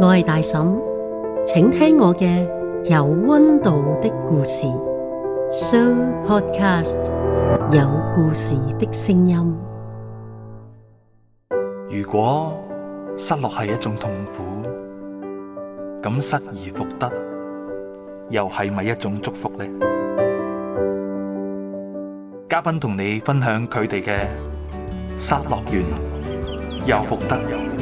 我係大嬸，請聽我嘅有温度的故事，Show Podcast 有故事的聲音。如果失落係一種痛苦，咁失而復得，又係咪一種祝福呢？嘉賓同你分享佢哋嘅失落完又復得。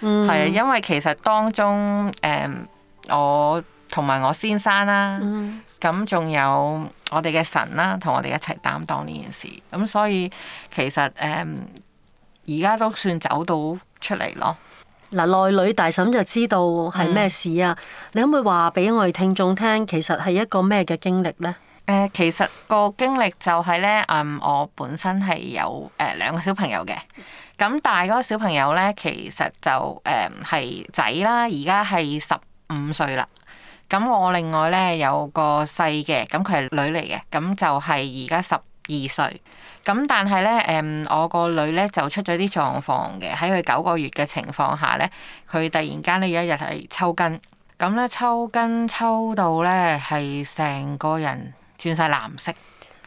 係，因為其實當中，誒、嗯，我同埋我先生啦，咁仲、嗯、有我哋嘅神啦，同我哋一齊擔當呢件事，咁所以其實誒，而、嗯、家都算走到出嚟咯。嗱，內裏大嬸就知道係咩事啊？嗯、你可唔可以話俾我哋聽眾聽，其實係一個咩嘅經歷咧？誒、嗯，其實個經歷就係、是、咧，嗯，我本身係有誒兩、嗯、個小朋友嘅。咁大嗰個小朋友呢，其實就誒係仔啦，而家係十五歲啦。咁我另外呢，有個細嘅，咁佢係女嚟嘅，咁就係而家十二歲。咁但係呢，誒、嗯、我個女呢，就出咗啲狀況嘅，喺佢九個月嘅情況下呢，佢突然間呢，有一日係抽筋，咁呢，抽筋抽到呢，係成個人轉晒藍色。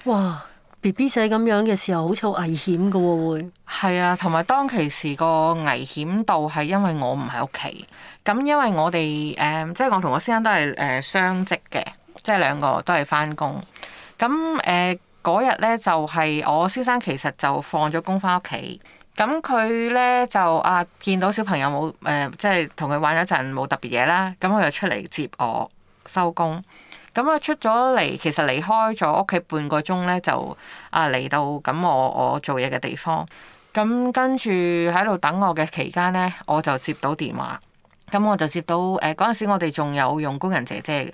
哇！B B 仔咁樣嘅時候，好似好危險嘅喎、哦，會係啊。同埋當其時個危險度係因為我唔喺屋企，咁因為我哋誒、呃，即係我同我先生都係誒、呃、雙職嘅，即係兩個都係翻工，咁誒嗰日咧就係、是、我先生其實就放咗工翻屋企，咁佢咧就啊見到小朋友冇誒、呃，即係同佢玩咗一陣冇特別嘢啦，咁佢就出嚟接我收工。咁啊，出咗嚟，其實離開咗屋企半個鐘咧，就啊嚟到咁我我做嘢嘅地方。咁跟住喺度等我嘅期間咧，我就接到電話。咁我就接到誒嗰陣時，我哋仲有用工人姐姐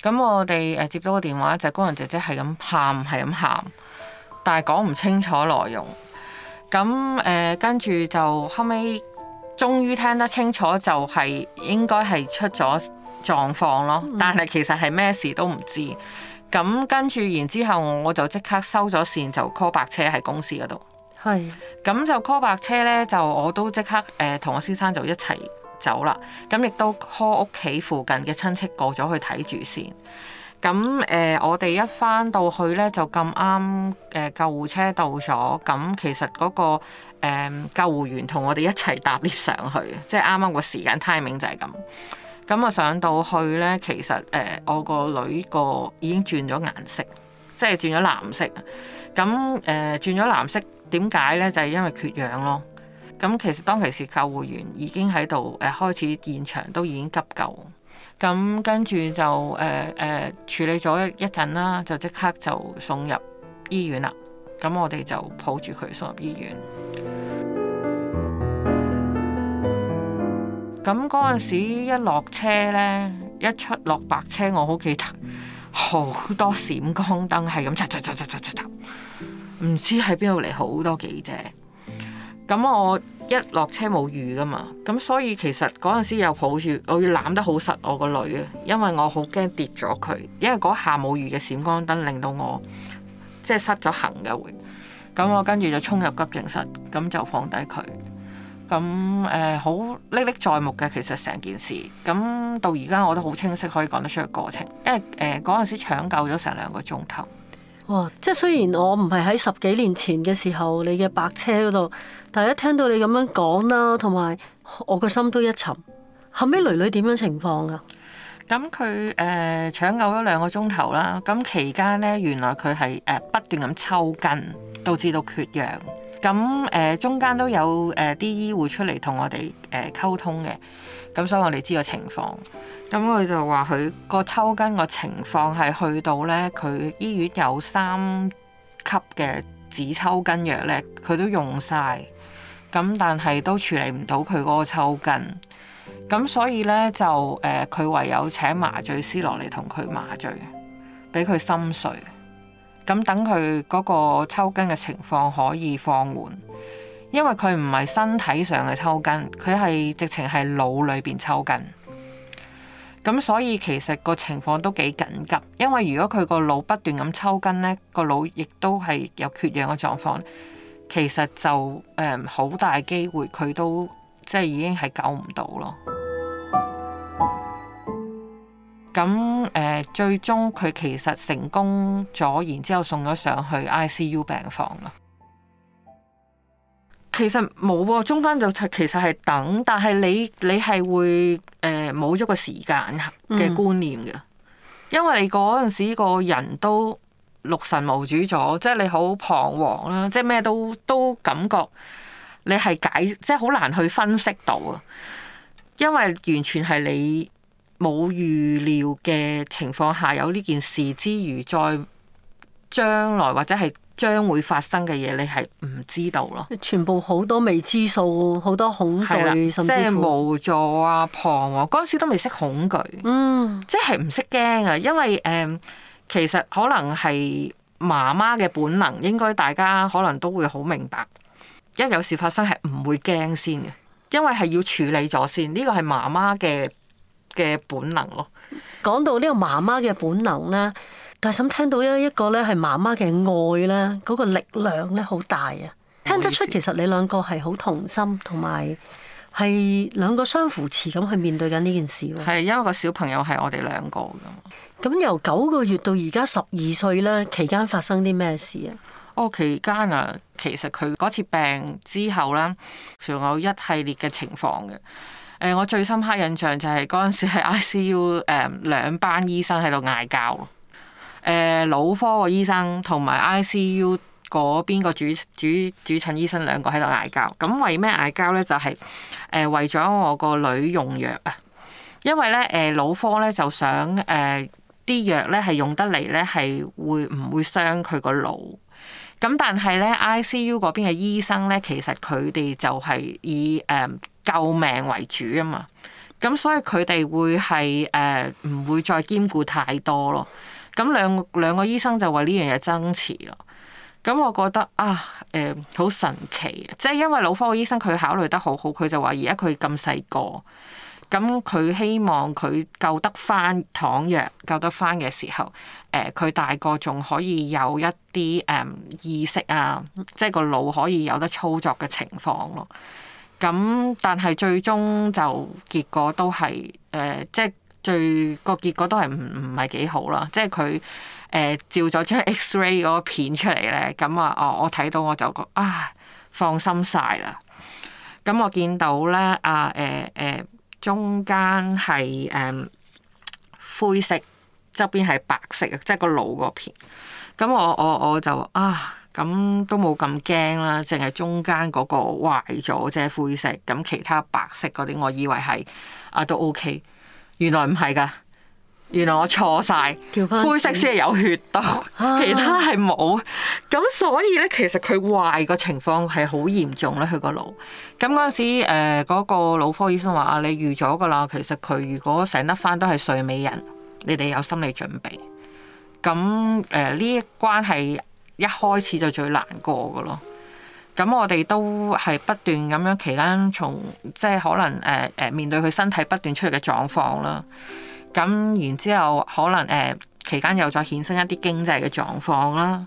嘅。咁我哋誒接到個電話就係工人姐姐係咁喊，係咁喊，但係講唔清楚內容。咁誒跟住就後尾終於聽得清楚，就係應該係出咗狀況咯，但係其實係咩事都唔知。咁跟住，然之後我就即刻收咗線，就 call 白車喺公司嗰度。係。咁就 call 白車呢，就我都即刻誒同我先生就一齊走啦。咁亦都 call 屋企附近嘅親戚過咗去睇住先。咁誒，我哋一翻到去呢，就咁啱誒救護車到咗。咁其實嗰個誒救護員同我哋一齊搭 lift 上去，即係啱啱個時間 timing 就係咁。咁我上到去呢，其實誒、呃、我個女個已經轉咗顏色，即係轉咗藍色。咁誒、呃、轉咗藍色，點解呢？就係、是、因為缺氧咯。咁其實當其時救護員已經喺度誒開始現場都已經急救。咁跟住就誒誒、呃呃、處理咗一陣啦，就即刻就送入醫院啦。咁我哋就抱住佢送入醫院。咁嗰陣時一落車呢，一出落白車，我好記得好多閃光燈係咁擦擦擦擦擦擦，唔知喺邊度嚟好多記者。咁我一落車冇雨㗎嘛，咁所以其實嗰陣時又抱住，我要攬得好實我個女啊，因為我好驚跌咗佢，因為嗰下冇雨嘅閃光燈令到我即係失咗衡回。噶會。咁我跟住就衝入急症室，咁就放低佢。咁誒好歷歷在目嘅，其實成件事咁到而家我都好清晰，可以講得出個過程，因為誒嗰陣時搶救咗成兩個鐘頭。哇！即係雖然我唔係喺十幾年前嘅時候你嘅白車嗰度，但係一聽到你咁樣講啦，同埋我個心都一沉。後尾女女點樣情況啊？咁佢誒搶救咗兩個鐘頭啦，咁期間咧原來佢係誒不斷咁抽筋，導致到缺氧。咁誒中間都有誒啲醫護出嚟同我哋誒溝通嘅，咁所以我哋知個情況。咁佢就話佢個抽筋個情況係去到呢，佢醫院有三級嘅止抽筋藥呢，佢都用晒。咁但係都處理唔到佢嗰個抽筋。咁所以呢，就誒佢唯有請麻醉師落嚟同佢麻醉，俾佢心碎。咁等佢嗰個抽筋嘅情況可以放緩，因為佢唔係身體上嘅抽筋，佢係直情係腦裏邊抽筋。咁所以其實個情況都幾緊急，因為如果佢個腦不斷咁抽筋呢，個腦亦都係有缺氧嘅狀況，其實就誒好、嗯、大機會佢都即係、就是、已經係救唔到咯。咁誒，最終佢其實成功咗，然之後送咗上去 ICU 病房啦。其實冇喎，中間就其實係等，但係你你係會誒冇咗個時間嘅觀念嘅，嗯、因為你嗰陣時個人都六神無主咗，即係你好彷徨啦，即係咩都都感覺你係解即係好難去分析到啊，因為完全係你。冇預料嘅情況下有呢件事之餘，再將來或者係將會發生嘅嘢，你係唔知道咯。全部好多未知數，好多恐懼，甚至乎無助啊、彷徨啊。嗰陣時都未識恐懼，嗯，即係唔識驚啊。因為誒、嗯，其實可能係媽媽嘅本能，應該大家可能都會好明白，一有事發生係唔會驚先嘅，因為係要處理咗先。呢個係媽媽嘅。嘅本能咯，講到呢個媽媽嘅本能呢，大係咁聽到一一個呢係媽媽嘅愛呢，嗰、那個力量呢好大啊！聽得出其實你兩個係好同心，同埋係兩個相扶持咁去面對緊呢件事咯。係因為個小朋友係我哋兩個㗎嘛。咁由九個月到而家十二歲呢，期間發生啲咩事啊？哦，期間啊，其實佢嗰次病之後呢，仲有一系列嘅情況嘅。誒、呃，我最深刻印象就係嗰陣時係 ICU 誒、嗯、兩班醫生喺度嗌交咯。誒、呃，腦科個醫生同埋 ICU 嗰邊個主主主診醫生兩個喺度嗌交。咁為咩嗌交咧？就係、是、誒、呃、為咗我個女用藥啊。因為咧，誒、呃、腦科咧就想誒啲、呃、藥咧係用得嚟咧係會唔會傷佢個腦？咁但係咧 ICU 嗰邊嘅醫生咧，其實佢哋就係以誒，嗯救命為主啊嘛，咁所以佢哋會係誒唔會再兼顧太多咯。咁兩兩個醫生就為呢樣嘢爭持咯。咁我覺得啊誒好、呃、神奇、啊，即係因為腦科醫生佢考慮得好好，佢就話而家佢咁細個，咁佢希望佢救得翻，倘若救得翻嘅時候，誒、呃、佢大個仲可以有一啲誒、呃、意識啊，即係個腦可以有得操作嘅情況咯。咁但係最終就結果都係誒、呃，即係最個結果都係唔唔係幾好啦。即係佢誒照咗張 X-ray 嗰個片出嚟咧，咁、嗯、啊、哦，我我睇到我就覺啊，放心晒啦。咁、嗯、我見到咧啊，誒、呃、誒、呃，中間係誒灰色，側邊係白色，即係個腦個片。咁、嗯、我我我就啊～咁都冇咁驚啦，淨係中間嗰個壞咗啫，灰色咁其他白色嗰啲，我以為係啊都 OK，原來唔係噶，原來我錯晒，灰色先係有血道，其他係冇咁，啊、所以咧其實佢壞個情況係好嚴重咧，佢個腦咁嗰陣時誒嗰、呃嗰個腦科醫生話啊，你預咗噶啦，其實佢如果醒得返都係睡美人，你哋有心理準備咁誒呢一關係。一開始就最難過嘅咯，咁我哋都係不斷咁樣期間，從即係可能誒誒、呃、面對佢身體不斷出嚟嘅狀況啦，咁然之後可能誒、呃、期間又再衍生一啲經濟嘅狀況啦，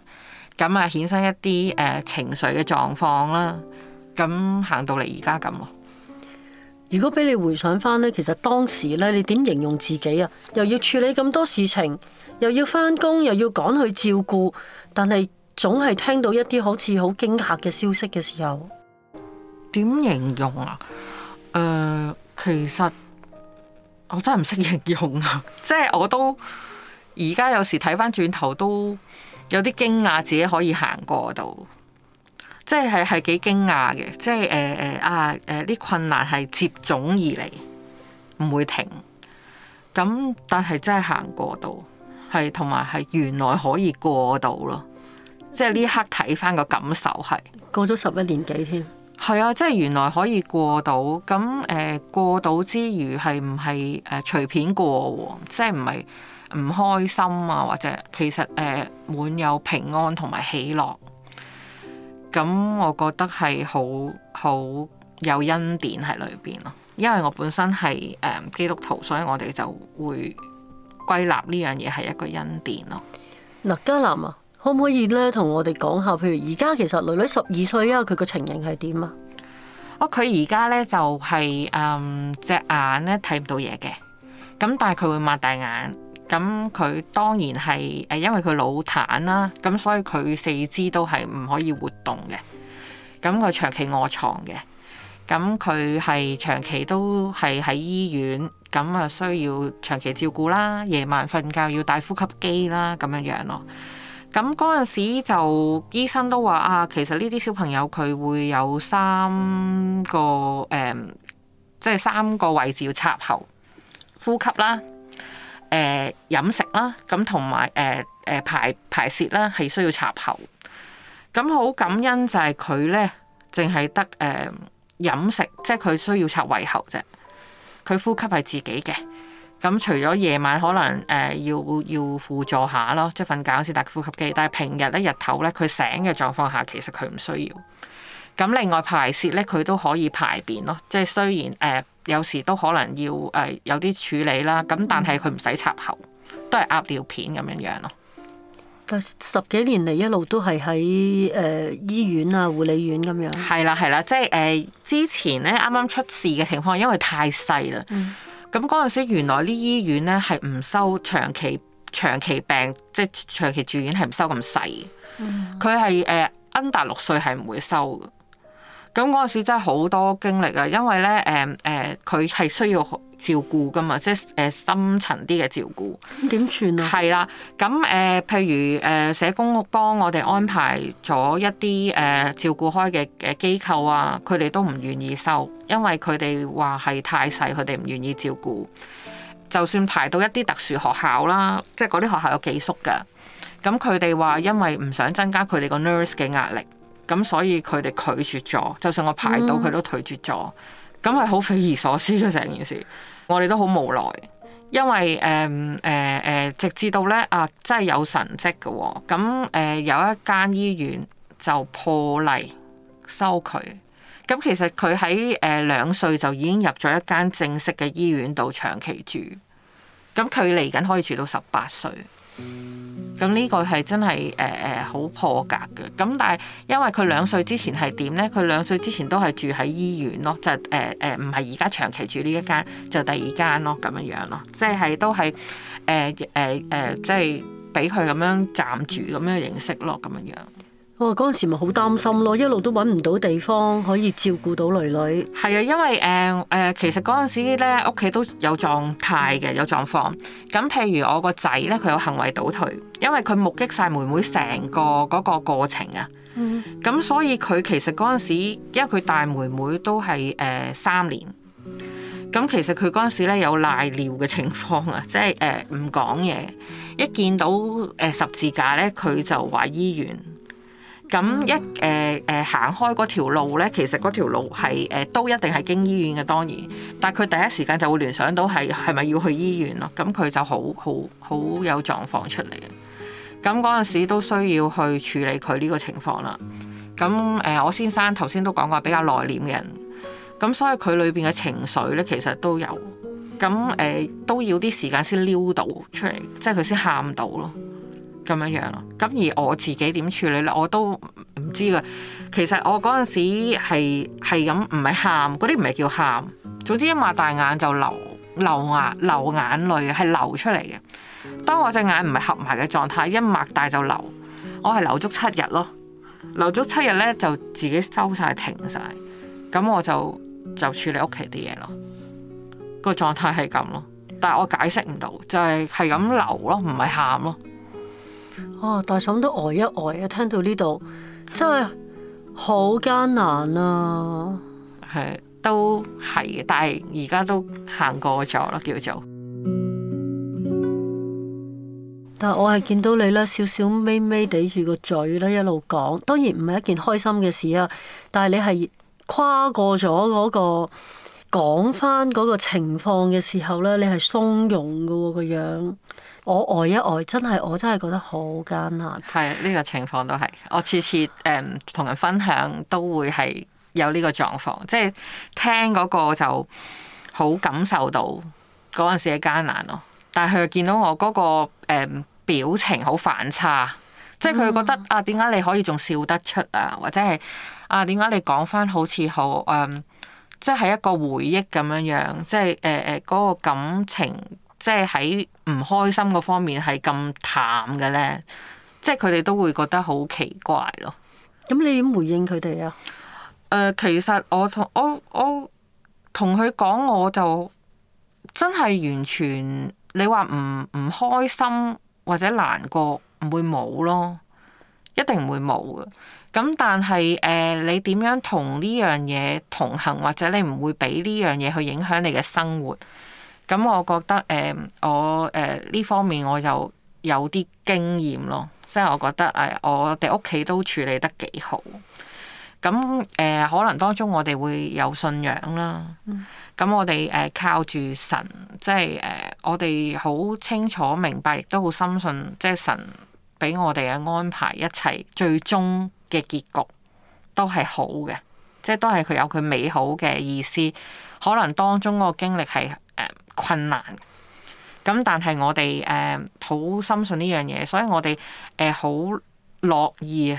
咁啊衍生一啲誒、呃、情緒嘅狀況啦，咁行到嚟而家咁咯。如果俾你回想翻呢，其實當時咧，你點形容自己啊？又要處理咁多事情，又要返工，又要趕去照顧，但係。總係聽到一啲好似好驚嚇嘅消息嘅時候，點形容啊？誒、呃，其實我真係唔識形容啊， 即係我都而家有時睇翻轉頭都有啲驚訝，自己可以行過度，即係係係幾驚訝嘅，即係誒誒啊誒，啲、呃、困難係接踵而嚟，唔會停。咁但係真係行過度，係同埋係原來可以過度咯。即係呢刻睇返個感受係過咗十一年幾添，係啊！即係原來可以過到咁誒、呃、過到之餘是是，係唔係誒隨便過喎、啊？即係唔係唔開心啊？或者其實誒、呃、滿有平安同埋喜樂。咁我覺得係好好有恩典喺裏邊咯，因為我本身係誒、呃、基督徒，所以我哋就會歸納呢樣嘢係一個恩典咯、啊。嗱，加南啊。可唔可以咧？同我哋講下，譬如而家其實女女十二歲啊，佢個情形係點啊？啊、就是，佢而家咧就係誒隻眼咧睇唔到嘢嘅，咁但係佢會擘大眼。咁佢當然係誒，因為佢腦癱啦，咁所以佢四肢都係唔可以活動嘅。咁佢長期臥床嘅，咁佢係長期都係喺醫院，咁啊需要長期照顧啦。夜晚瞓覺要戴呼吸機啦，咁樣樣咯。咁嗰陣時就醫生都話啊，其實呢啲小朋友佢會有三個誒，即、嗯、係、就是、三個位置要插喉呼吸啦，誒、嗯、飲食啦，咁同埋誒誒排排泄啦，係需要插喉。咁好感恩就係佢咧，淨係得誒、嗯、飲食，即係佢需要插胃喉啫，佢呼吸係自己嘅。咁除咗夜晚可能誒、呃、要要輔助下咯，即係瞓覺先打呼吸機，但係平日咧日頭咧佢醒嘅狀況下，其實佢唔需要。咁另外排泄咧，佢都可以排便咯，即係雖然誒、呃、有時都可能要誒、呃、有啲處理啦，咁但係佢唔使插喉，都係鴨尿片咁樣樣咯。但十幾年嚟一路都係喺誒醫院啊護理院咁樣。係啦係啦，係啦，即係誒、呃、之前咧啱啱出事嘅情況，因為太細啦。嗯咁嗰陣時，原來啲醫院咧係唔收長期長期病，即係長期住院係唔收咁細嘅。佢係誒 under 六歲係唔會收嘅。咁嗰陣時真係好多經歷啊，因為咧誒誒，佢、呃、係、呃、需要照顧噶嘛，即係誒深層啲嘅照顧。咁點算啊？係啦，咁誒、呃，譬如誒、呃、社工屋幫我哋安排咗一啲誒、呃、照顧開嘅嘅機構啊，佢哋都唔願意收，因為佢哋話係太細，佢哋唔願意照顧。就算排到一啲特殊學校啦，即係嗰啲學校有寄宿嘅，咁佢哋話因為唔想增加佢哋個 nurse 嘅壓力。咁所以佢哋拒絕咗，就算我排到，佢都拒絕咗，咁係好匪夷所思嘅成件事。我哋都好無奈，因為誒誒誒，直至到咧啊，真係有神蹟嘅喎。咁誒、呃、有一間醫院就破例收佢。咁其實佢喺誒兩歲就已經入咗一間正式嘅醫院度長期住。咁佢嚟緊可以住到十八歲。咁呢個係真係誒誒好破格嘅。咁但係因為佢兩歲之前係點咧？佢兩歲之前都係住喺醫院咯，就誒誒唔係而家長期住呢一間，就是，第二間咯，咁樣樣咯，即係都係誒誒誒，即係俾佢咁樣暫住咁樣形式咯，咁樣樣。我嗰陣、哦、時咪好擔心咯，一路都揾唔到地方可以照顧到女女。係啊，因為誒誒、呃，其實嗰陣時咧屋企都有狀態嘅，有狀況。咁譬如我個仔咧，佢有行為倒退，因為佢目擊晒妹妹成個嗰個過程啊。嗯。咁所以佢其實嗰陣時，因為佢大妹妹都係誒、呃、三年。咁其實佢嗰陣時咧有賴尿嘅情況啊，即係誒唔講嘢，一見到誒、呃、十字架咧，佢就話醫院。咁一誒誒行開嗰條路咧，其實嗰條路係誒、呃、都一定係經醫院嘅，當然。但係佢第一時間就會聯想到係係咪要去醫院咯？咁佢就好好好有狀況出嚟。咁嗰陣時都需要去處理佢呢個情況啦。咁誒、呃，我先生頭先都講過比較內斂嘅人，咁所以佢裏邊嘅情緒咧其實都有。咁誒、呃、都要啲時間先撩到出嚟，即係佢先喊到咯。咁樣樣咯，咁而我自己點處理咧？我都唔知嘅。其實我嗰陣時係係咁，唔係喊嗰啲，唔係叫喊。總之一擘大眼就流流眼流眼淚，係流出嚟嘅。當我隻眼唔係合埋嘅狀態，一擘大就流，我係流足七日咯。流足七日咧，就自己收晒停晒。咁我就就處理屋企啲嘢咯。個狀態係咁咯，但係我解釋唔到，就係係咁流咯，唔係喊咯。哇、哦！大嬸都呆、呃、一呆、呃、啊，聽到呢度真係好艱難啊，係都係嘅，但係而家都行過咗啦，叫做。但係我係見到你咧，少少眯眯地住個嘴咧，一路講，當然唔係一件開心嘅事啊。但係你係跨過咗嗰、那個講翻嗰個情況嘅時候咧，你係鬆容嘅個、啊、樣。我呆一呆，真係我真係覺得好艱難。係呢、呢個情況都係我次次誒同人分享都會係有呢個狀況，即係聽嗰個就好感受到嗰陣時嘅艱難咯。但係佢見到我嗰、嗰個、um, 表情好反差，即係佢覺得、嗯、啊，點解你可以仲笑得出啊？或者係啊，點解你講翻好似好誒，um, 即係一個回憶咁樣樣，即係誒誒嗰個感情，即係喺。唔開心嗰方面係咁淡嘅咧，即係佢哋都會覺得好奇怪咯。咁你點回應佢哋啊？誒、呃，其實我同我我同佢講，我，我，我，我就真係完全你話唔唔開心或者難過唔會冇咯，一定唔會冇嘅。咁但係誒、呃，你點樣同呢樣嘢同行，或者你唔會俾呢樣嘢去影響你嘅生活？咁我覺得誒、呃，我誒呢、呃、方面我又有啲經驗咯，即係我覺得誒、呃，我哋屋企都處理得幾好。咁誒、呃，可能當中我哋會有信仰啦。咁、嗯、我哋誒、呃、靠住神，即係誒、呃、我哋好清楚明白，亦都好深信，即係神俾我哋嘅安排，一切最終嘅結局都係好嘅，即係都係佢有佢美好嘅意思。可能當中個經歷係困難咁，但係我哋誒好深信呢樣嘢，所以我哋誒好樂意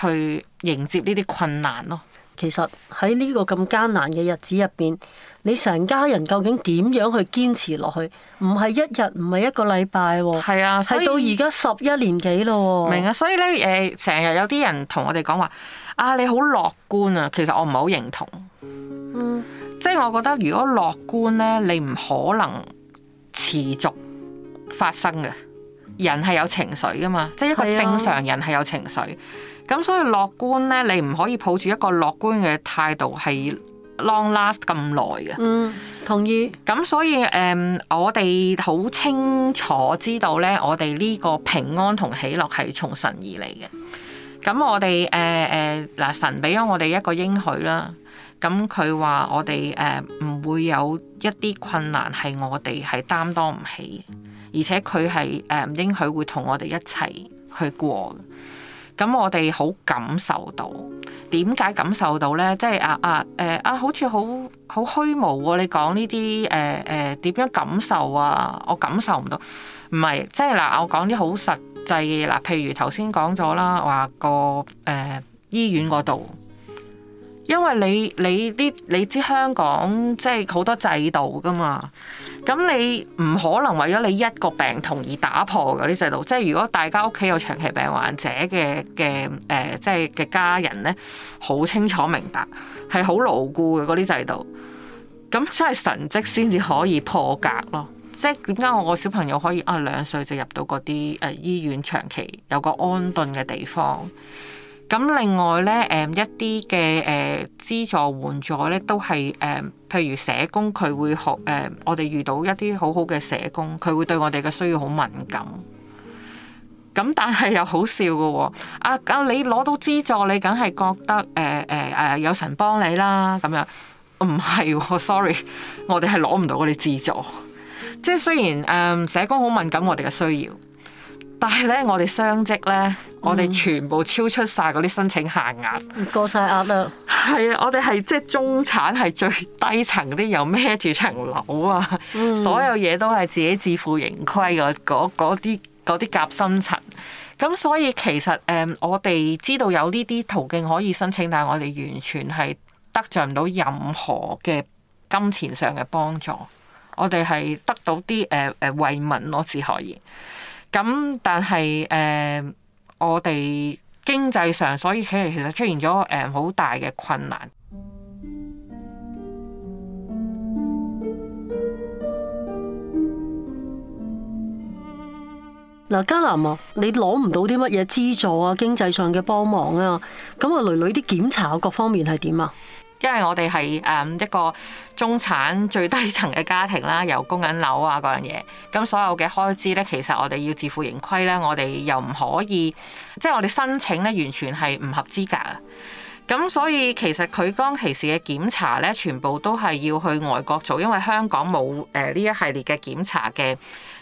去迎接呢啲困難咯。其實喺呢個咁艱難嘅日子入邊，你成家人究竟點樣去堅持落去？唔係一日，唔係一個禮拜，係啊，係到而家十一年幾咯。明啊，所以咧，誒、啊，成日、啊、呃、有啲人同我哋講話啊，你好樂觀啊，其實我唔係好認同。嗯。即係我覺得如果樂觀咧，你唔可能持續發生嘅。人係有情緒噶嘛？啊，即係一個正常人係有情緒。咁所以樂觀咧，你唔可以抱住一個樂觀嘅態度係 long last 咁耐嘅。嗯，同意。咁所以誒，um, 我哋好清楚知道咧，我哋呢個平安同喜樂係從神而嚟嘅。咁我哋誒誒，嗱，uh, uh, 神俾咗我哋一個應許啦。咁佢話我哋誒唔會有一啲困難係我哋係擔當唔起，而且佢係誒唔應許會同我哋一齊去過。咁我哋好感受到，點解感受到咧？即係啊啊誒啊，好似好好虛無喎，啊！你講呢啲誒誒點樣感受啊？我感受唔到。唔係，即係嗱，我講啲好實際嘅嘢嗱，譬如頭先講咗啦，話個誒、啊、醫院嗰度。因為你你啲你知香港即係好多制度㗎嘛，咁你唔可能為咗你一個病童而打破嗰啲制度。即係如果大家屋企有長期病患者嘅嘅誒，即係嘅家人咧，好清楚明白係好牢固嘅嗰啲制度。咁所係神蹟先至可以破格咯。即係點解我個小朋友可以啊兩歲就入到嗰啲誒醫院長期有個安頓嘅地方？咁另外咧，誒、嗯、一啲嘅誒資助援助咧，都係誒、呃，譬如社工佢會學誒、呃，我哋遇到一啲好好嘅社工，佢會對我哋嘅需要好敏感。咁、嗯、但係又好笑嘅喎、哦，阿、啊、你攞到資助，你梗係覺得誒誒誒有神幫你啦咁樣，唔、呃、係、哦，sorry，我哋係攞唔到我哋資助， 即係雖然誒、呃、社工好敏感我哋嘅需要。但係咧，我哋雙職咧，嗯、我哋全部超出晒嗰啲申請限額，過晒額啦。係啊，我哋係即係中產係最低層啲，又孭住層樓啊，嗯、所有嘢都係自己自負盈虧嘅，嗰啲啲夾心層。咁所以其實誒、嗯，我哋知道有呢啲途徑可以申請，但係我哋完全係得着唔到任何嘅金錢上嘅幫助。我哋係得到啲誒誒慰問，我只可以。咁但係誒、呃，我哋經濟上所以佢哋其實出現咗誒好大嘅困難。嗱、呃，嘉南啊，你攞唔到啲乜嘢資助啊，經濟上嘅幫忙啊，咁啊，屢屢啲檢查各方面係點啊？因為我哋係誒一個。中產最低層嘅家庭啦，有供緊樓啊嗰樣嘢，咁所有嘅開支咧，其實我哋要自負盈虧咧，我哋又唔可以，即係我哋申請咧，完全係唔合資格啊！咁所以其實佢當其時嘅檢查咧，全部都係要去外國做，因為香港冇誒呢一系列嘅檢查嘅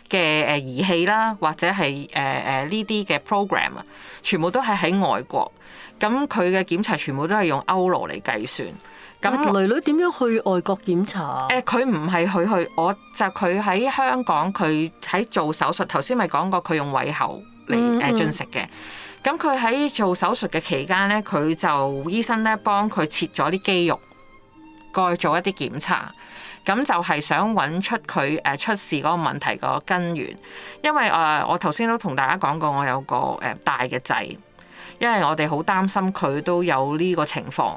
嘅誒儀器啦，或者係誒誒呢啲嘅 program 啊，全部都係喺外國。咁佢嘅檢查全部都係用歐羅嚟計算。咁，那女女點樣去外國檢查？誒、呃，佢唔係去去，我就佢喺香港，佢喺做手術。頭先咪講過佢用胃喉嚟誒進食嘅。咁佢喺做手術嘅期間咧，佢就醫生咧幫佢切咗啲肌肉，過去做一啲檢查。咁就係想揾出佢誒出事嗰個問題個根源，因為誒、呃、我頭先都同大家講過，我有個誒大嘅仔。因為我哋好擔心佢都有呢個情況，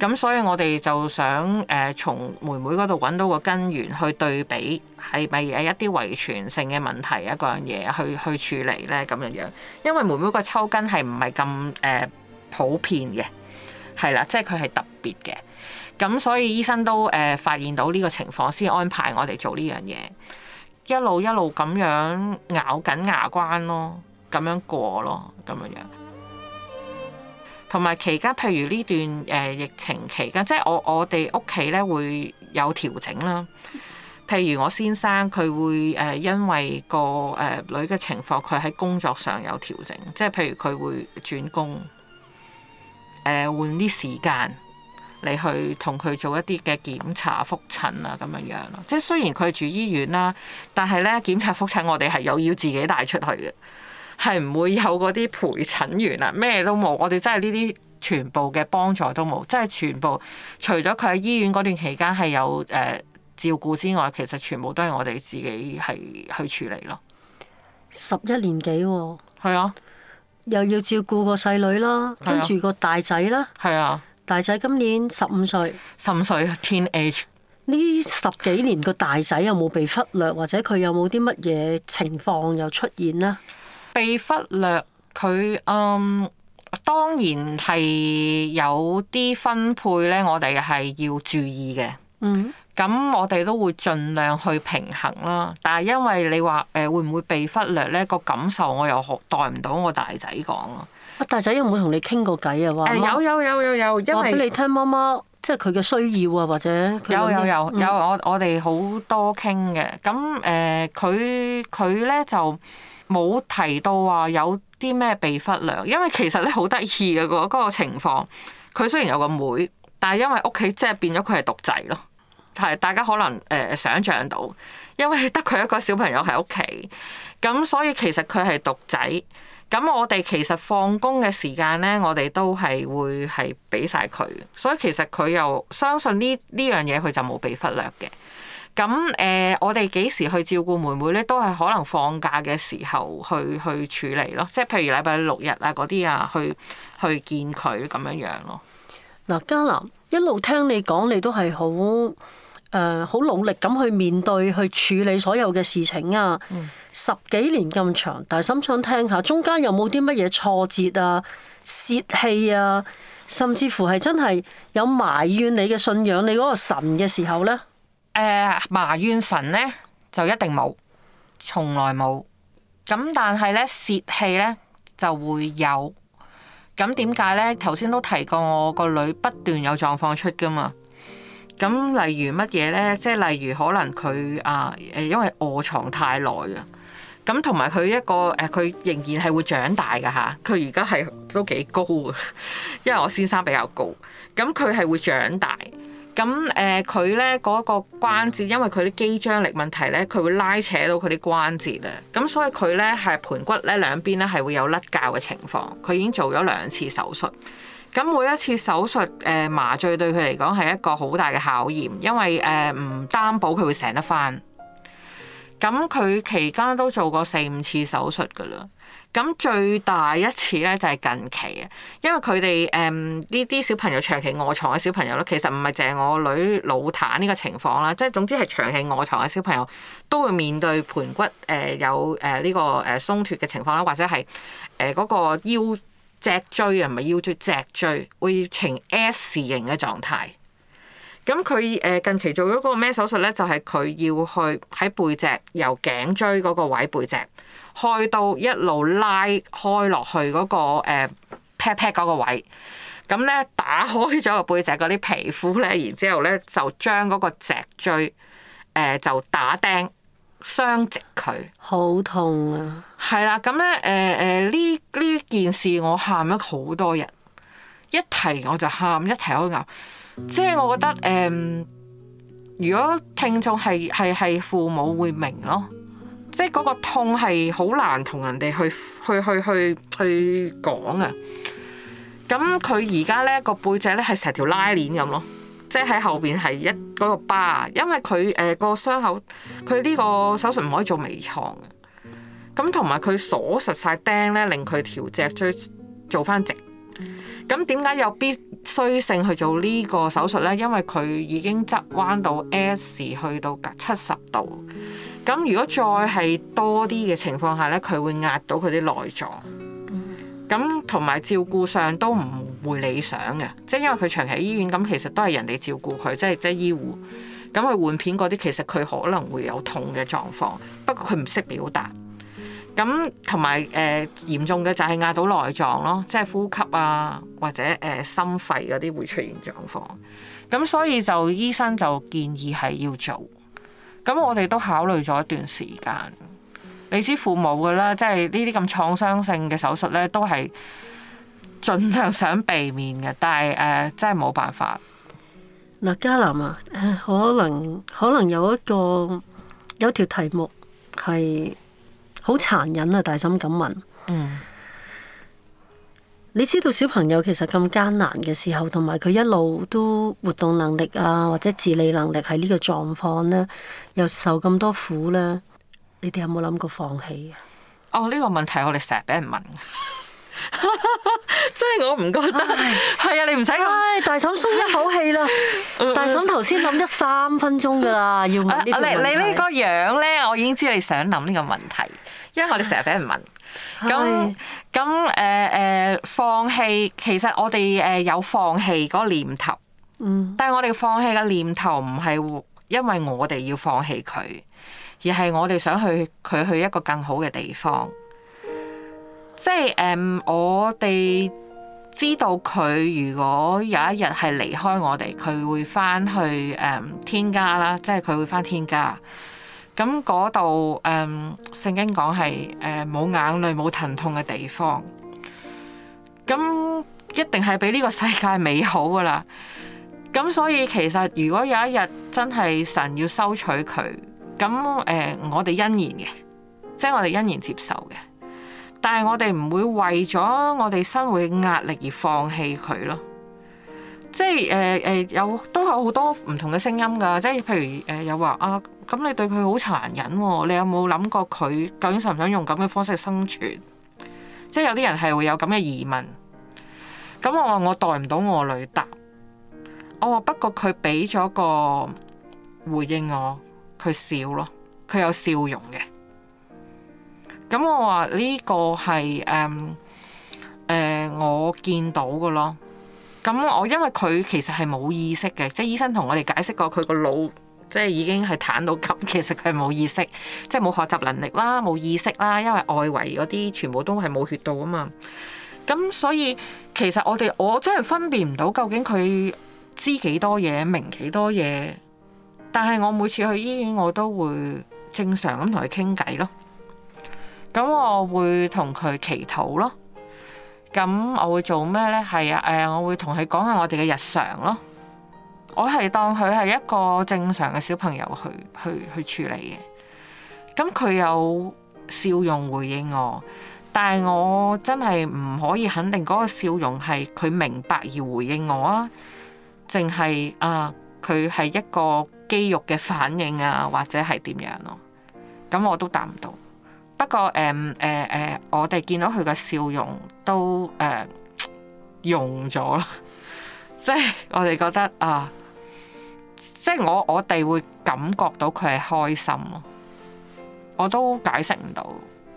咁所以我哋就想誒、呃、從妹妹嗰度揾到個根源去對比係咪有一啲遺傳性嘅問題一樣嘢去去處理呢？咁樣樣，因為妹妹個抽筋係唔係咁誒普遍嘅係啦，即係佢係特別嘅咁，所以醫生都誒、呃、發現到呢個情況先安排我哋做呢樣嘢，一路一路咁樣咬緊牙關咯，咁樣過咯，咁樣。同埋期間，譬如呢段誒疫情期間，即係我我哋屋企咧會有調整啦。譬如我先生佢會誒因為個誒女嘅情況，佢喺工作上有調整，即係譬如佢會轉工，誒、呃、換啲時間嚟去同佢做一啲嘅檢查覆診啊咁樣樣咯。即係雖然佢住醫院啦，但係咧檢查覆診我哋係有要自己帶出去嘅。係唔會有嗰啲陪診員啊，咩都冇。我哋真係呢啲全部嘅幫助都冇，即係全部除咗佢喺醫院嗰段期間係有誒、呃、照顧之外，其實全部都係我哋自己係去處理咯。十一年幾、哦？係啊，又要照顧個細女啦，啊、跟住個大仔啦。係啊，大仔今年十五歲，十五歲 teen age 呢，十幾年個大仔有冇被忽略，或者佢有冇啲乜嘢情況又出現呢？被忽略，佢嗯當然係有啲分配咧，我哋係要注意嘅。嗯，咁我哋都會盡量去平衡啦。但係因為你話誒，會唔會被忽略咧？個感受我又代唔到我大仔講啊，大有有啊。啊，大仔有冇同你傾過偈啊？誒，有有有有有，有，話俾你聽，媽媽即係佢嘅需要啊，或者有有有有，有，有，我我哋好多傾嘅。咁、嗯、誒，佢佢咧就。就冇提到話有啲咩被忽略，因為其實咧好得意嘅嗰個情況，佢雖然有個妹妹，但係因為屋企即係變咗佢係獨仔咯，係大家可能誒、呃、想象到，因為得佢一個小朋友喺屋企，咁所以其實佢係獨仔，咁我哋其實放工嘅時間咧，我哋都係會係俾晒佢，所以其實佢又相信呢呢樣嘢，佢、這個、就冇被忽略嘅。咁誒、呃，我哋幾時去照顧妹妹呢？都係可能放假嘅時候去去處理咯。即係譬如禮拜六日啊嗰啲啊，去去見佢咁樣樣咯。嗱，嘉南一路聽你講，你都係好誒，好、呃、努力咁去面對去處理所有嘅事情啊。嗯、十幾年咁長，但係諗想聽下中間有冇啲乜嘢挫折啊、洩氣啊，甚至乎係真係有埋怨你嘅信仰、你嗰個神嘅時候呢？誒埋怨神咧就一定冇，從來冇。咁但係咧泄氣咧就會有。咁點解咧？頭先都提過，我個女不斷有狀況出噶嘛。咁例如乜嘢咧？即係例如可能佢啊誒，因為臥床太耐啊。咁同埋佢一個誒，佢仍然係會長大噶嚇。佢而家係都幾高啊，因為我先生比較高。咁佢係會長大。咁誒佢咧嗰個關節，因為佢啲肌張力問題咧，佢會拉扯到佢啲關節啊。咁所以佢咧係盤骨咧兩邊咧係會有甩臼嘅情況。佢已經做咗兩次手術。咁每一次手術誒、呃、麻醉對佢嚟講係一個好大嘅考驗，因為誒唔、呃、擔保佢會醒得返。咁佢期間都做過四五次手術㗎啦。咁最大一次咧就係近期啊，因為佢哋誒呢啲小朋友長期臥床嘅小朋友咯，其實唔係淨係我女腦癱呢個情況啦，即係總之係長期臥床嘅小朋友都會面對盤骨誒、呃、有誒呢個誒鬆脱嘅情況啦，或者係誒嗰個腰脊椎啊，唔係腰椎脊椎會呈 S 型嘅狀態。咁佢誒近期做咗個咩手術咧？就係、是、佢要去喺背脊由頸椎嗰個位背脊。開刀一路拉開落去嗰、那個誒 pat pat 嗰個位，咁咧打開咗個背脊嗰啲皮膚咧，然之後咧就將嗰個脊椎誒、呃、就打釘，雙直佢。好痛啊！係啦，咁咧誒誒呢呢、呃呃、件事我喊咗好多日，一提我就喊，一提我都咬。即係我覺得誒、呃，如果聽眾係係係父母會明咯。即係嗰個痛係好難同人哋去去去去去講啊！咁佢而家咧個背脊咧係成條拉鏈咁咯，即係喺後邊係一嗰、嗰個疤，因為佢誒、呃嗰個傷口，佢呢個手術唔可以做微創，咁同埋佢鎖實晒釘咧，令佢條脊椎做翻直。咁點解有必須性去做呢個手術咧？因為佢已經側彎到 S 去到七十度。咁如果再係多啲嘅情況下咧，佢會壓到佢啲內臟。咁同埋照顧上都唔會理想嘅，即係因為佢長期喺醫院，咁其實都係人哋照顧佢，即係即係醫護。咁佢換片嗰啲，其實佢可能會有痛嘅狀況，不過佢唔識表達。咁同埋誒嚴重嘅就係壓到內臟咯，即係呼吸啊或者誒、呃、心肺嗰啲會出現狀況。咁所以就醫生就建議係要做。咁我哋都考慮咗一段時間，你知父母嘅啦，即係呢啲咁創傷性嘅手術呢，都係盡量想避免嘅，但係誒、呃，真係冇辦法。嗱，嘉南啊，可能可能有一個有條題目係好殘忍啊，大心咁問。你知道小朋友其實咁艱難嘅時候，同埋佢一路都活動能力啊，或者自理能力喺呢個狀況咧，又受咁多苦咧，你哋有冇諗過放棄啊？哦，呢個問題我哋成日俾人問，即 係我唔覺得，係唉啊，你唔使講，唉，大嬸鬆一口氣啦，唉大嬸頭先諗咗三分鐘噶啦，唉要問，問你你呢個樣咧，我已經知你想諗呢個問題，因為我哋成日俾人問。咁咁誒誒，放棄其實我哋誒有放棄嗰個念頭，嗯、但係我哋放棄嘅念頭唔係因為我哋要放棄佢，而係我哋想去佢去一個更好嘅地方。即係誒、呃，我哋知道佢如果有一日係離開我哋，佢會翻去誒天家啦，即係佢會翻天家。咁嗰度，誒、嗯、聖經講係誒冇眼淚、冇疼痛嘅地方，咁一定係比呢個世界美好噶啦。咁所以其實，如果有一日真係神要收取佢，咁誒、呃、我哋欣然嘅，即係我哋欣然接受嘅，但係我哋唔會為咗我哋生活嘅壓力而放棄佢咯。即係誒誒，有都有好多唔同嘅聲音㗎，即係譬如誒有話啊。咁你對佢好殘忍，哦，你有冇諗過佢究竟想唔想用咁嘅方式生存？即係有啲人係會有咁嘅疑問。咁我話我代唔到我女答，我話不過佢俾咗個回應我，佢笑咯，佢有笑容嘅。咁我話呢個係誒誒我見到嘅咯。咁我因為佢其實係冇意識嘅，即係醫生同我哋解釋過佢個腦。即係已經係癱到咁，其實佢係冇意識，即係冇學習能力啦，冇意識啦，因為外圍嗰啲全部都係冇血到啊嘛。咁所以其實我哋我真係分辨唔到究竟佢知幾多嘢，明幾多嘢。但係我每次去醫院，我都會正常咁同佢傾偈咯。咁我會同佢祈禱咯。咁我會做咩咧？係啊，誒，我會同佢講下我哋嘅日常咯。我係當佢係一個正常嘅小朋友去去去處理嘅，咁佢有笑容回應我，但係我真係唔可以肯定嗰個笑容係佢明白而回應我啊，定係啊佢係一個肌肉嘅反應啊，或者係點樣咯？咁我都答唔到。不過誒誒誒，我哋見到佢嘅笑容都誒融咗啦，即、嗯、係 我哋覺得啊～即係我我哋會感覺到佢係開心咯，我都解釋唔到，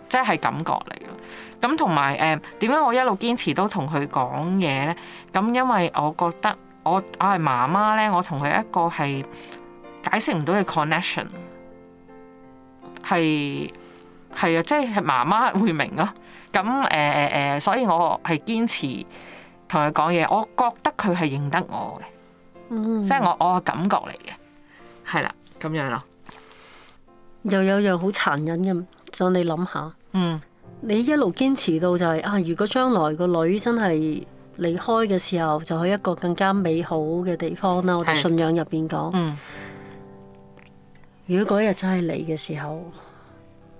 即係感覺嚟咯。咁同埋誒，點、呃、解我一路堅持都同佢講嘢咧？咁因為我覺得我我係媽媽咧，我同佢、啊、一個係解釋唔到嘅 connection，係係啊，即係媽媽會明咯。咁誒誒，所以我係堅持同佢講嘢，我覺得佢係認得我嘅。即係我我嘅感覺嚟嘅，係啦咁樣咯，又有樣好殘忍嘅，就你諗下。嗯，你一路堅持到就係、是、啊，如果將來個女真係離開嘅時候，就去一個更加美好嘅地方啦。我哋信仰入邊講，嗯，如果嗰日真係嚟嘅時候，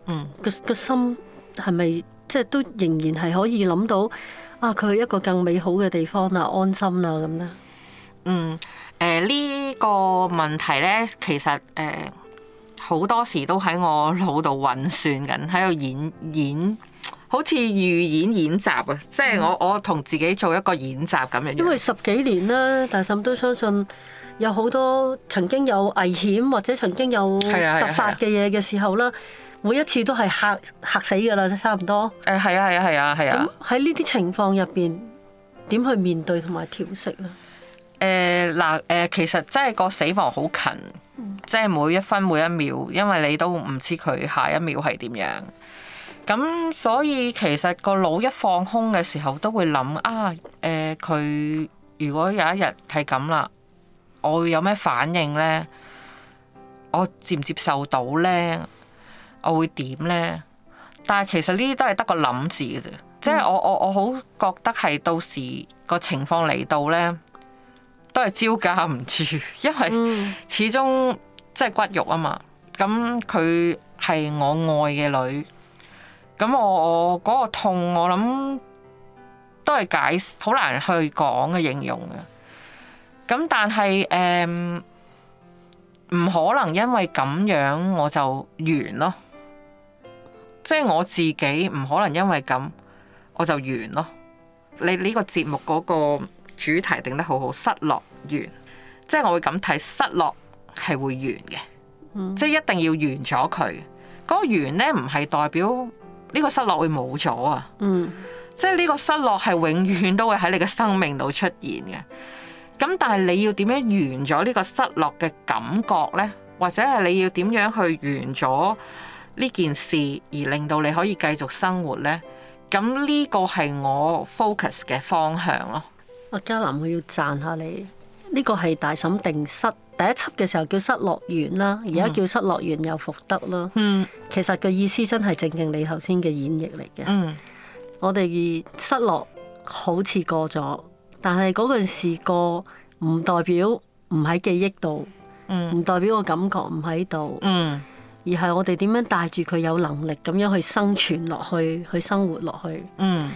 嗯，個個心係咪即係都仍然係可以諗到啊？佢去一個更美好嘅地方啦，安心啦咁咧。嗯，誒、呃，呢、這個問題咧，其實誒，好、呃、多時都喺我腦度運算緊，喺度演演，好似預演演習啊，嗯、即係我我同自己做一個演習咁樣。因為十幾年啦，大嬸都相信有好多曾經有危險或者曾經有突發嘅嘢嘅時候啦，啊啊啊、每一次都係吓吓死噶啦，差唔多。誒，係啊，係啊，係啊，係啊。咁喺呢啲情況入邊，點去面對同埋調適呢？誒嗱，誒、呃呃、其實真係個死亡好近，嗯、即係每一分每一秒，因為你都唔知佢下一秒係點樣。咁所以其實個腦一放空嘅時候，都會諗「啊，誒、呃、佢如果有一日係咁啦，我會有咩反應呢？我接唔接受到呢？我會點呢？」但係其實呢啲都係得個諗字嘅啫，嗯、即係我我我好覺得係到時個情況嚟到呢。都係招架唔住，因為始終即係骨肉啊嘛。咁佢係我愛嘅女，咁我嗰個痛，我諗都係解好難去講嘅形容嘅。咁但係誒，唔可能因為咁樣我就完咯。即係我自己唔可能因為咁我就完咯。你呢個節目嗰個主題定得好好，失落。完，即係我會咁睇，失落係會完嘅，嗯、即係一定要完咗佢嗰個完呢，唔係代表呢個失落會冇咗啊。嗯、即係呢個失落係永遠都會喺你嘅生命度出現嘅。咁但係你要點樣完咗呢個失落嘅感覺呢？或者係你要點樣去完咗呢件事，而令到你可以繼續生活呢？咁呢個係我 focus 嘅方向咯。阿嘉、啊、林，我要讚下你。呢個係大審定失第一輯嘅時候，叫失樂園啦，而家叫失樂園又復得啦。嗯、其實個意思真係正正你頭先嘅演繹嚟嘅。嗯、我哋嘅失落好似過咗，但係嗰件事過唔代表唔喺記憶度，唔、嗯、代表個感覺唔喺度，嗯、而係我哋點樣帶住佢有能力咁樣去生存落去，去生活落去。嗯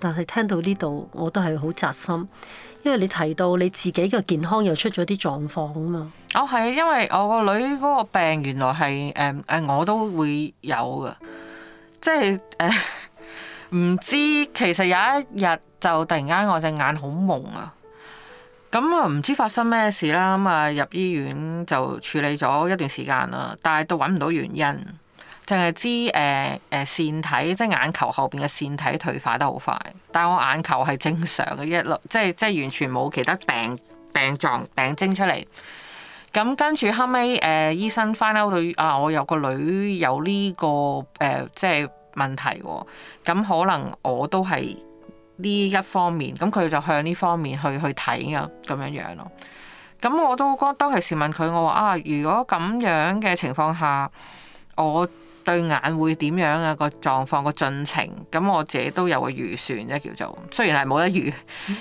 但係聽到呢度，我都係好扎心，因為你提到你自己嘅健康又出咗啲狀況啊嘛。哦，係，因為我個女嗰個病原來係誒誒我都會有㗎，即係誒唔知。其實有一日就突然間我隻眼好矇啊，咁啊唔知發生咩事啦。咁啊入醫院就處理咗一段時間啦，但係都搵唔到原因。淨係知誒誒視體，即係眼球後邊嘅視體退化得好快，但係我眼球係正常嘅，一即係即係完全冇其他病病狀病徵出嚟。咁跟住後尾誒、呃、醫生翻 out 到啊，我有個女有呢、這個誒、呃、即係問題喎、哦，咁、嗯、可能我都係呢一方面，咁、嗯、佢就向呢方面去去睇啊，咁樣樣咯。咁、嗯、我都當當其時問佢，我話啊，如果咁樣嘅情況下，我對眼會點樣啊？個狀況個進程咁，我自己都有個預算啫，叫做雖然係冇得預，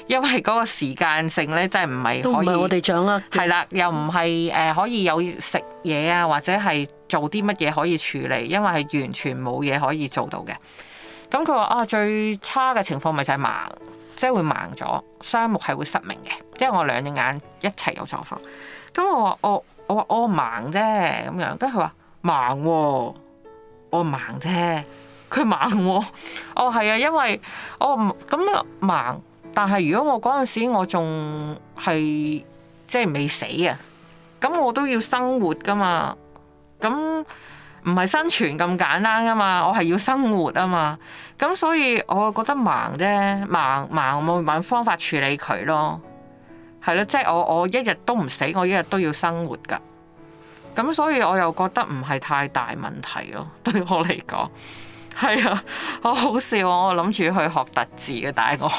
因為嗰個時間性咧真係唔係可以我哋掌握啦，係啦，又唔係誒可以有食嘢啊，或者係做啲乜嘢可以處理，因為係完全冇嘢可以做到嘅。咁佢話啊，最差嘅情況咪就係盲，即係會盲咗雙目係會失明嘅，因為我兩隻眼一齊有狀況。咁我話我我話我盲啫咁樣，跟住佢話盲喎、啊。我盲啫，佢盲我，啊，哦係啊，因為我咁、哦、盲，但係如果我嗰陣時我仲係即係未死啊，咁我都要生活噶嘛，咁唔係生存咁簡單噶嘛，我係要生活啊嘛，咁所以我覺得盲啫，盲盲我揾方法處理佢咯，係咯，啊，即係我我一日都唔死，我一日都要生活噶咁所以我又覺得唔係太大問題咯，對我嚟講，係啊，好好笑啊！我諗住去學凸字嘅，但係我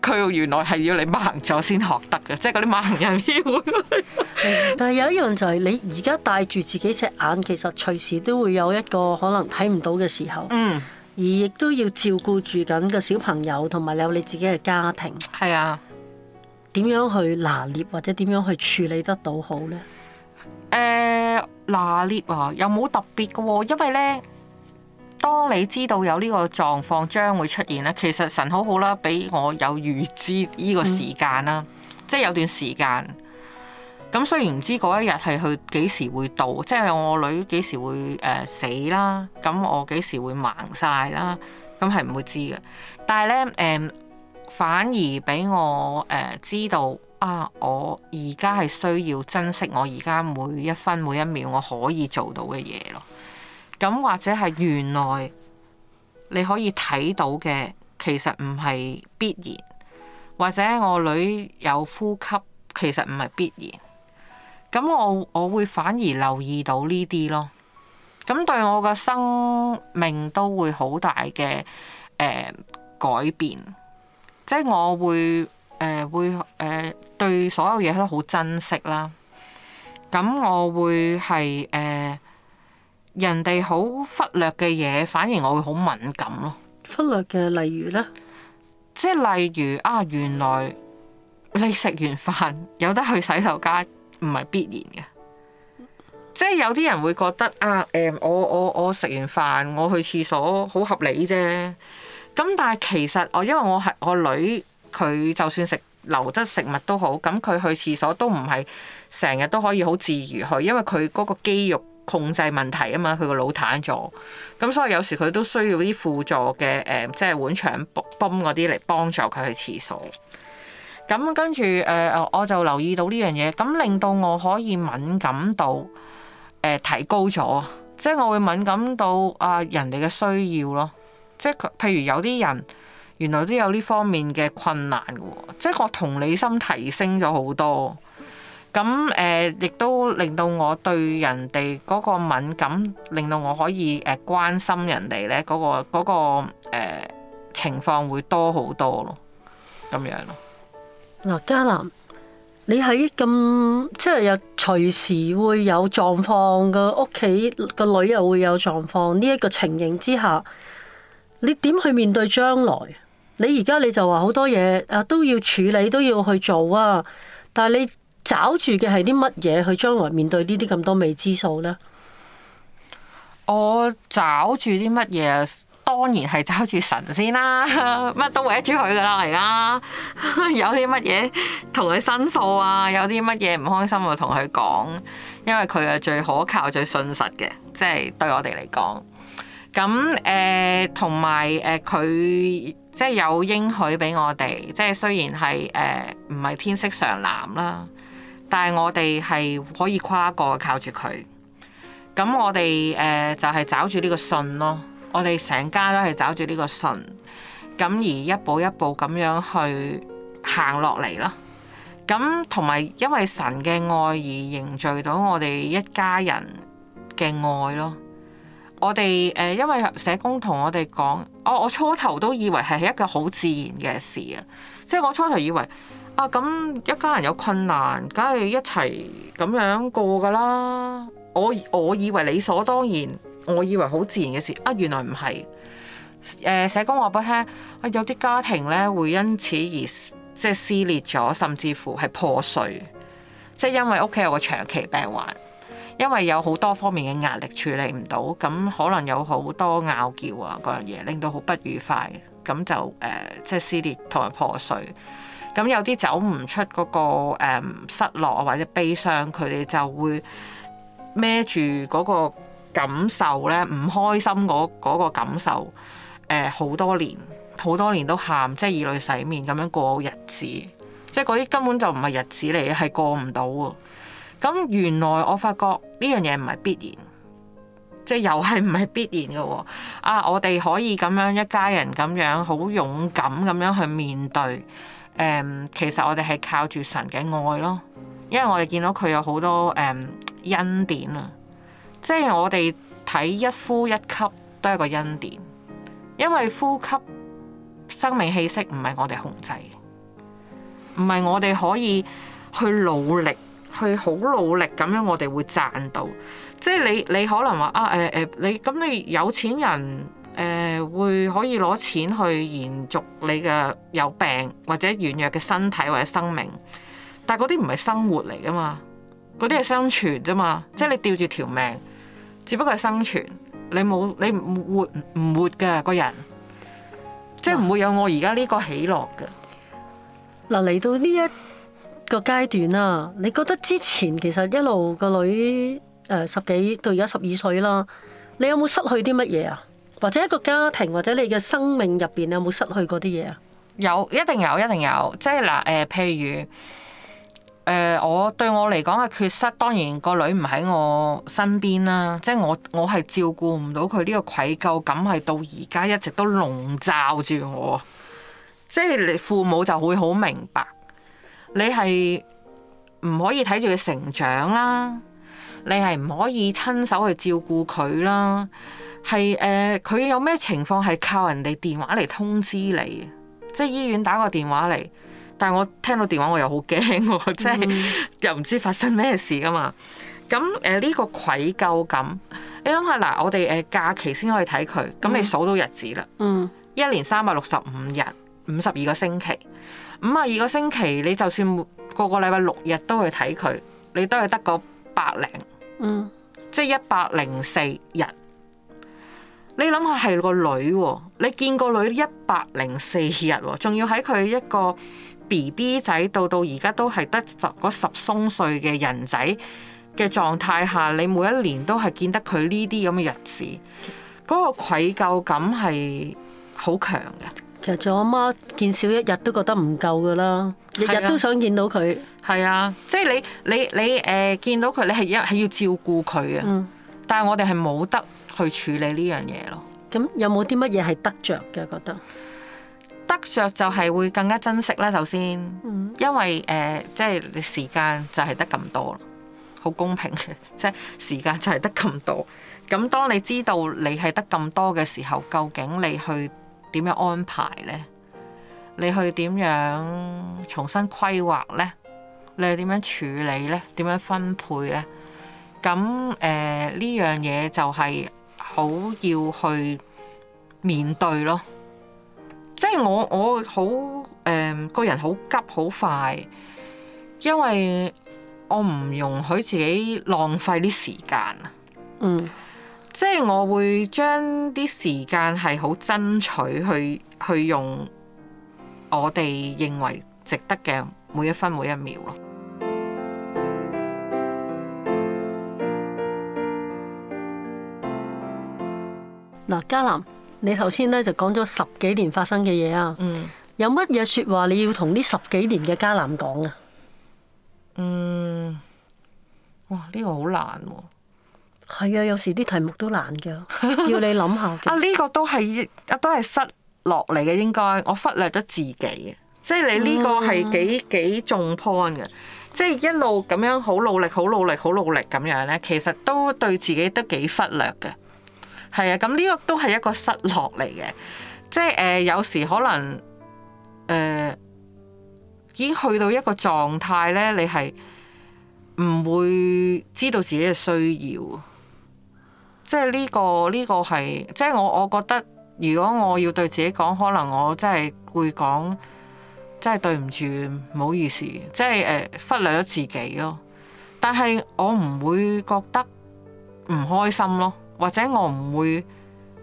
佢原來係要你盲咗先學得嘅，即係嗰啲盲人協會、嗯。但係有一樣就係、是、你而家戴住自己隻眼，其實隨時都會有一個可能睇唔到嘅時候。嗯。而亦都要照顧住緊個小朋友，同埋有你自己嘅家庭。係是啊。點樣去拿捏或者點樣去處理得到好呢？誒嗱呢啊，又冇特別嘅喎、哦，因為咧，當你知道有呢個狀況將會出現咧，其實神好好啦，俾我有預知呢個時間啦，嗯、即係有段時間。咁雖然唔知嗰一日係佢幾時會到，即係我女幾時會誒、呃、死啦，咁我幾時會盲晒啦，咁係唔會知嘅。但係咧誒，反而俾我誒知道。啊！我而家係需要珍惜我而家每一分每一秒我可以做到嘅嘢咯。咁或者係原來你可以睇到嘅，其實唔係必然。或者我女有呼吸，其實唔係必然。咁我我會反而留意到呢啲咯。咁對我嘅生命都會好大嘅誒、呃、改變，即係我會。誒、呃、會誒、呃、對所有嘢都好珍惜啦。咁我會係誒、呃、人哋好忽略嘅嘢，反而我會好敏感咯。忽略嘅例如咧，即係例如啊，原來你食完飯有得去洗手間，唔係必然嘅。即係有啲人會覺得啊，誒、嗯、我我我食完飯我去廁所好合理啫。咁但係其實我因為我係我女。佢就算食流質食物都好，咁佢去廁所都唔係成日都可以好自如去，因為佢嗰個肌肉控制問題啊嘛，佢個腦癱咗，咁所以有時佢都需要啲輔助嘅誒、呃，即係碗腸泵泵嗰啲嚟幫助佢去廁所。咁跟住誒、呃，我就留意到呢樣嘢，咁令到我可以敏感度，誒、呃、提高咗，即係我會敏感到啊人哋嘅需要咯，即係譬如有啲人。原來都有呢方面嘅困難嘅喎，即係我同理心提升咗好多，咁誒、呃、亦都令到我對人哋嗰個敏感，令到我可以誒、呃、關心人哋咧嗰個嗰、呃、情況會多好多咯。咁樣咯。嗱，嘉南，你喺咁即係又隨時會有狀況嘅屋企個女又會有狀況，呢、這、一個情形之下，你點去面對將來？你而家你就話好多嘢啊，都要處理，都要去做啊！但係你找住嘅係啲乜嘢？佢將來面對呢啲咁多未知數咧，我找住啲乜嘢？當然係找住神仙啦、啊，乜都揹住佢噶啦！而家有啲乜嘢同佢申訴啊？有啲乜嘢唔開心就同佢講，因為佢係最可靠、最信實嘅，即係對我哋嚟講。咁誒，同埋誒佢。即係有應許俾我哋，即係雖然係誒唔係天色常藍啦，但係我哋係可以跨過靠、呃就是、住佢。咁我哋誒就係找住呢個信咯，我哋成家都係找住呢個信，咁而一步一步咁樣去行落嚟咯。咁同埋因為神嘅愛而凝聚到我哋一家人嘅愛咯。我哋誒、呃，因為社工同我哋講、哦，我我初頭都以為係一個好自然嘅事，初初啊，即係我初頭以為啊，咁一家人有困難，梗係一齊咁樣過噶啦。我我以為理所當然，我以為好自然嘅事啊，原來唔係。誒、呃，社工話俾我聽，啊有啲家庭咧會因此而即係撕裂咗，甚至乎係破碎，即係因為屋企有個長期病患。因為有好多方面嘅壓力處理唔到，咁可能有好多拗撬啊嗰樣嘢，令到好不愉快。咁就誒，即、呃、係、就是、撕裂同埋破碎。咁有啲走唔出嗰、那個、呃、失落或者悲傷，佢哋就會孭住嗰個感受咧，唔開心嗰個感受。誒，好、呃、多年，好多年都喊，即係以淚洗面咁樣過日子。即係嗰啲根本就唔係日子嚟嘅，係過唔到。咁原來我發覺呢樣嘢唔係必然，即係又係唔係必然嘅喎、哦？啊，我哋可以咁樣一家人咁樣好勇敢咁樣去面對。誒、嗯，其實我哋係靠住神嘅愛咯，因為我哋見到佢有好多誒、嗯、恩典啊。即係我哋睇一呼一吸都係個恩典，因為呼吸生命氣息唔係我哋控制，唔係我哋可以去努力。去好努力咁樣，我哋會賺到。即係你，你可能話啊，誒、呃、誒，你咁你有錢人誒、呃、會可以攞錢去延續你嘅有病或者軟弱嘅身體或者生命，但係嗰啲唔係生活嚟㗎嘛，嗰啲係生存啫嘛。即係你吊住條命，只不過係生存，你冇你活唔活嘅個人，即係唔會有我而家呢個喜樂嘅。嗱嚟、啊、到呢一個階段啊，你覺得之前其實一路個女誒、呃、十幾到而家十二歲啦，你有冇失去啲乜嘢啊？或者一個家庭，或者你嘅生命入邊有冇失去過啲嘢啊？有，一定有，一定有。即係嗱，誒、呃，譬如誒、呃，我對我嚟講嘅缺失，當然個女唔喺我身邊啦。即係我我係照顧唔到佢呢個愧疚感，係到而家一直都籠罩住我。即係你父母就會好明白。你係唔可以睇住佢成長啦，你係唔可以親手去照顧佢啦，係，誒佢有咩情況係靠人哋電話嚟通知你，即係醫院打個電話嚟，但係我，我聽到電話我又好驚，啊，即係、mm. 又唔知發生咩事噶嘛。咁誒呢個愧疚感，你諗下嗱，我哋誒假期先可以睇佢，咁你數到日子啦，mm. Mm. 一年三百六十五日，五十二個星期。五啊二個星期，你就算每個個禮拜六日都去睇佢，你都係得個百零，嗯、即係一百零四日。你諗下係個女，你見個女一百零四日，仲要喺佢一個 B B 仔到到而家都係得十嗰十鬆歲嘅人仔嘅狀態下，你每一年都係見得佢呢啲咁嘅日子，嗰、那個愧疚感係好強嘅。其實做阿媽見少一日都覺得唔夠噶啦，日日都想見到佢。係啊，即係你你你誒、呃、見到佢，你係一係要照顧佢啊。嗯、但係我哋係冇得去處理呢樣嘢咯。咁、嗯嗯、有冇啲乜嘢係得着嘅？覺得得着就係會更加珍惜啦。首先，因為誒、呃、即係時間就係得咁多，好公平嘅，即係時間就係得咁多。咁當你知道你係得咁多嘅時候，究竟你去？點樣安排呢？你去點樣重新規劃呢？你係點樣處理呢？點樣分配呢？咁誒呢樣嘢就係好要去面對咯。即係我我好誒、呃、個人好急好快，因為我唔容許自己浪費啲時間啊。嗯。即係我會將啲時間係好爭取去去用我哋認為值得嘅每一分每一秒咯。嗱、嗯，嘉南，你頭先咧就講咗十幾年發生嘅嘢啊，有乜嘢說話你要同呢十幾年嘅嘉南講啊？嗯，哇，呢、呢個好難喎、啊。係啊，有時啲題目都難㗎，要你諗下 啊，呢、呢個都係啊，都係失落嚟嘅應該。我忽略咗自己，即係你呢個係幾、嗯、幾重 point 嘅。即係一路咁樣好努力、好努力、好努力咁樣咧，其實都對自己都幾忽略嘅。係啊，咁呢個都係一個失落嚟嘅。即係誒、呃，有時可能誒、呃、已經去到一個狀態咧，你係唔會知道自己嘅需要。即係呢個呢個係，即係我我覺得，如果我要對自己講，可能我真係會講，真係對唔住，唔好意思，即係誒、呃、忽略咗自己咯。但係我唔會覺得唔開心咯，或者我唔會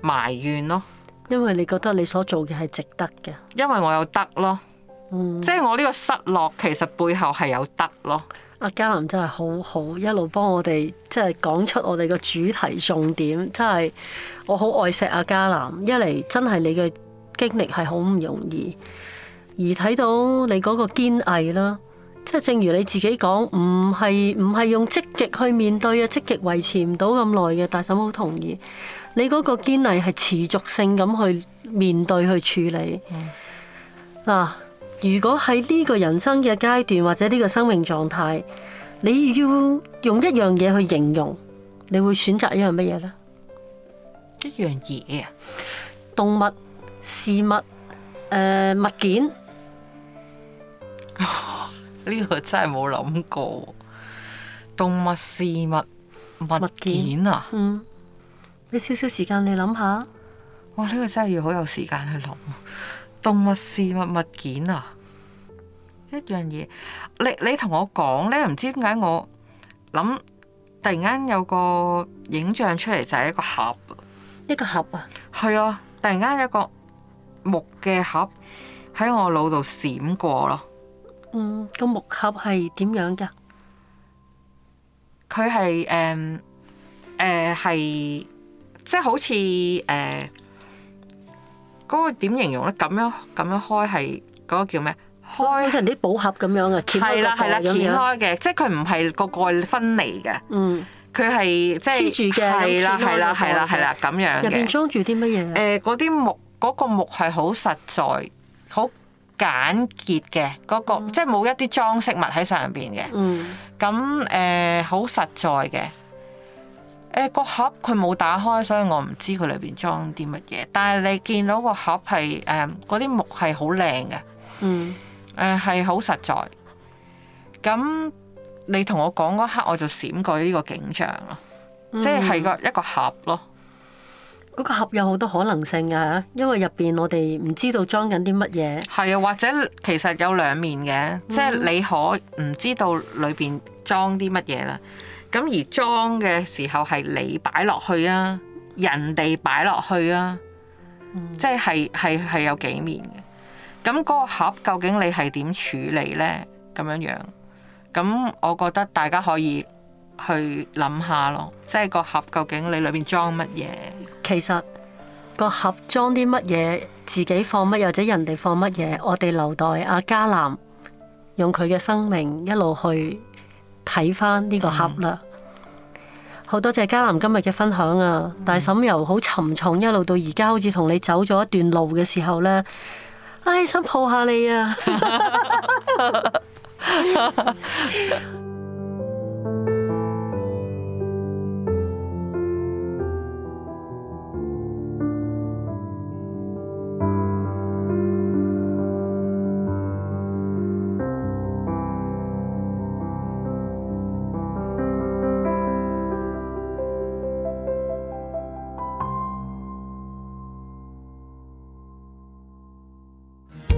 埋怨咯，因為你覺得你所做嘅係值得嘅，因為我有得咯，嗯、即係我呢個失落其實背後係有得咯。阿嘉林真係好好，一路幫我哋即係講出我哋個主題重點，真係我好愛錫阿嘉林。一嚟真係你嘅經歷係好唔容易，而睇到你嗰個堅毅啦，即係正如你自己講，唔係唔係用積極去面對啊，積極維持唔到咁耐嘅。大嬸好同意，你嗰個堅毅係持續性咁去面對去處理嗱。啊如果喺呢個人生嘅階段或者呢個生命狀態，你要用一樣嘢去形容，你會選擇一樣乜嘢呢？一樣嘢啊！動物、事物、誒、呃、物件。呢、哦這個真係冇諗過。動物、事物、物件啊！件嗯。俾少少時間想想，你諗下。哇！呢、這個真係要好有時間去諗。動物、事物、物件啊，一樣嘢。你你同我講咧，唔知點解我諗，突然間有個影像出嚟，就係一個盒，一個盒啊。係啊，突然間有個木嘅盒喺我腦度閃過咯。嗯，個木盒係點樣㗎？佢係誒誒係即係好似誒。呃嗰個點形容咧？咁樣咁樣開係嗰、那個叫咩？開好似人啲寶盒咁樣嘅，係啦係啦，揭開嘅，即係佢唔係個蓋分離嘅。嗯，佢係即係黐住嘅，係啦係啦係啦係啦咁樣。入邊的裝住啲乜嘢？誒、呃，嗰啲木嗰、那個木係好實在、好簡潔嘅，嗰、嗯，那個即係冇一啲裝飾物喺上邊嘅。嗯，咁誒，好、呃、實在嘅。誒、欸嗰個盒佢冇打開，所以我唔知佢裏邊裝啲乜嘢。但係你見到個盒係誒嗰啲木係好靚嘅，誒係好實在。咁你同我講嗰刻，我就閃過呢個景象咯，即係係個、嗯、一個盒咯。嗰個盒有好多可能性㗎，因為入邊我哋唔知道裝緊啲乜嘢。係啊，或者其實有兩面嘅，嗯、即係你可唔知道裏邊裝啲乜嘢啦。咁而裝嘅時候係你擺落去啊，人哋擺落去啊，即係係係有幾面嘅。咁嗰個盒究竟你係點處理呢？咁樣樣，咁我覺得大家可以去諗下咯。即係個盒究竟你裏面裝乜嘢？其實個盒裝啲乜嘢，自己放乜，或者人哋放乜嘢，我哋留待阿嘉南用佢嘅生命一路去睇翻呢個盒啦。嗯好多謝嘉楠今日嘅分享啊！大嬸由好沉重一路到而家，好似同你走咗一段路嘅時候呢，唉，想抱下你啊！